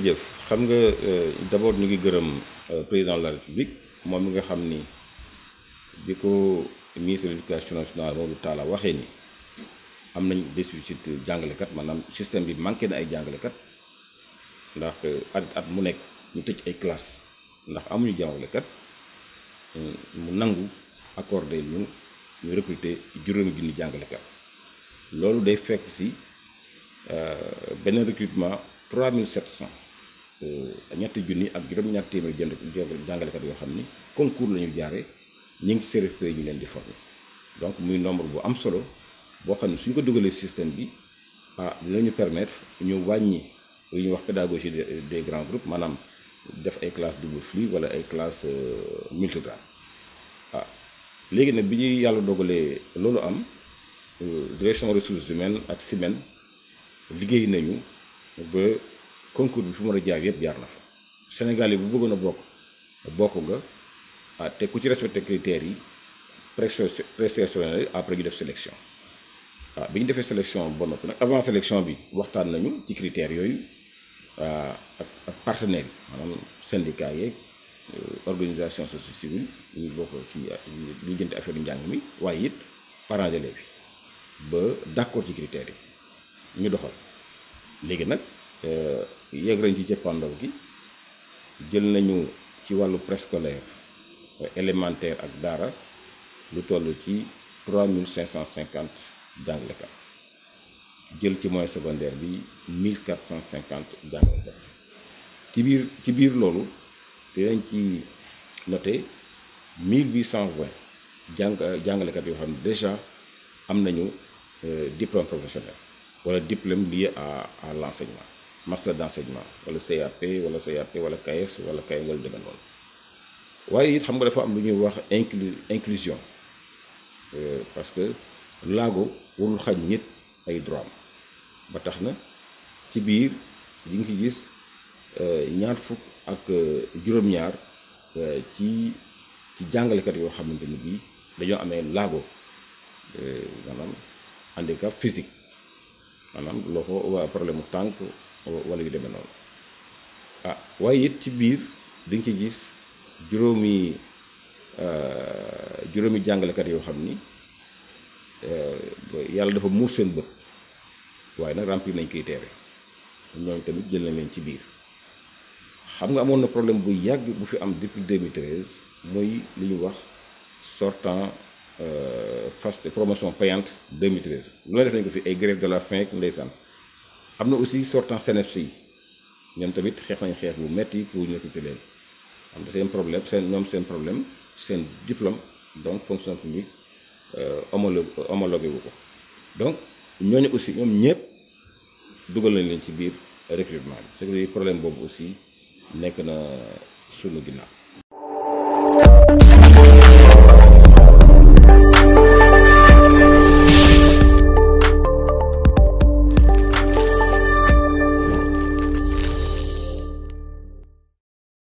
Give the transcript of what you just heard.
jërëjëf xam nga euh, d'abord ñu ngi gërëm euh, président de la république moom mi nga xam ni bi ko ministre de l'éducation nationale Mamadou Talla waxee ni am nañ déficit jàngalekat maanaam système bi manqué na ay jàngalekat ndax euh, at at mu nekk ñu tëj ay classe ndax amuñu jàngalekat mu nangu accordé ñu ñu recruter juróomi junni jàngalekat loolu day fekk si benn recrutement 3700 Euh, ñetti junni ak juróom-ñaar téeméeri jënd jàngalekat yoo xam ni concours lañu ñu jaare ñu ngi CRFP ñu leen di former donc muy nombre bu am solo boo xam ne suñ ko dugalee système bi ah dina permettre ñu wàññi li ñuy wax pédagogie des grands groupes maanaam def ay classe double flux wala ay classe euh, multigrade ah léegi nag bi ñuy yàlla dogalee loolu am euh, direction ressources humaines ak SIMEN liggéey nañu ba concours bi fu mu war a jaar yëpp jaar na fa Sénégal yi bu bëggoon a bokk bokk nga ah te ku ci respecté critères yi présélectionnel après ñu def sélection waaw ah, bi ñu defee sélection ba noppi nag avant sélection bi waxtaan nañu ci critères yooyu ah, ak ak partenaires yi maanaam syndicats yeeg euh, organisation société civile ñuy bokk ci ñu jënd affaire njàng mi waaye it parents d'élèves bi ba d'accord ci critères yi ñu doxal léegi nag. Euh, yegg ci cëppandaw gi jël nañu ci wàllu préscolaire euh, élémentaire ak daara lu toll ci cinq cinquante jàngalekat jël ci moyen secondaire bi 1450 jàngalekat ci biir ci biir loolu dinañ ci noté 1820 jàng jàngalekat yoo xam ne déjà am nañu euh, diplôme professionnel wala diplôme lié à à l'enseignement master d'enseignement wala CAP wala CAP wala KS wala KS wala demee noonu waaye it xam nga dafa am lu ñuy wax inclu inclusion euh, parce que laago warul xañ nit ay droit am ba tax na ci biir yi nga ci gis euh, ñaar fukk ak euh, juróom-ñaar ci ci jàngalekat yoo xamante ni bii dañoo amee laago maanaam handicap physique maanaam loo ko waa tànk wala yu demee non ah waye yitt ci biir dañ ci gis euh juróomi juróomi jàngalekat yoo xam ni euh, yalla dafa muur sen bët waye nak remplir nañ koy téré ñooñu tamit jël nañ leen ci biir xam nga amone na problème bu yagg bu fi am depuis 2013 moy li ñu wax sortant euh fast promotion payante 2013 lu ne def nañ ko fi ay grève de la faim ndaysan am na aussi sortant CNFC yi ñoom tamit xeex nañ xeex bu metti pour ñu recruter leen am na seen problème seen ñoom seen problème seen diplôme donc fonction publique euh, homologue homologué wu ko donc ñooñu aussi moom ñëpp dugal nañ leen ci biir recrutement bi yi problème boobu aussi nekk na sunu ginnaaw.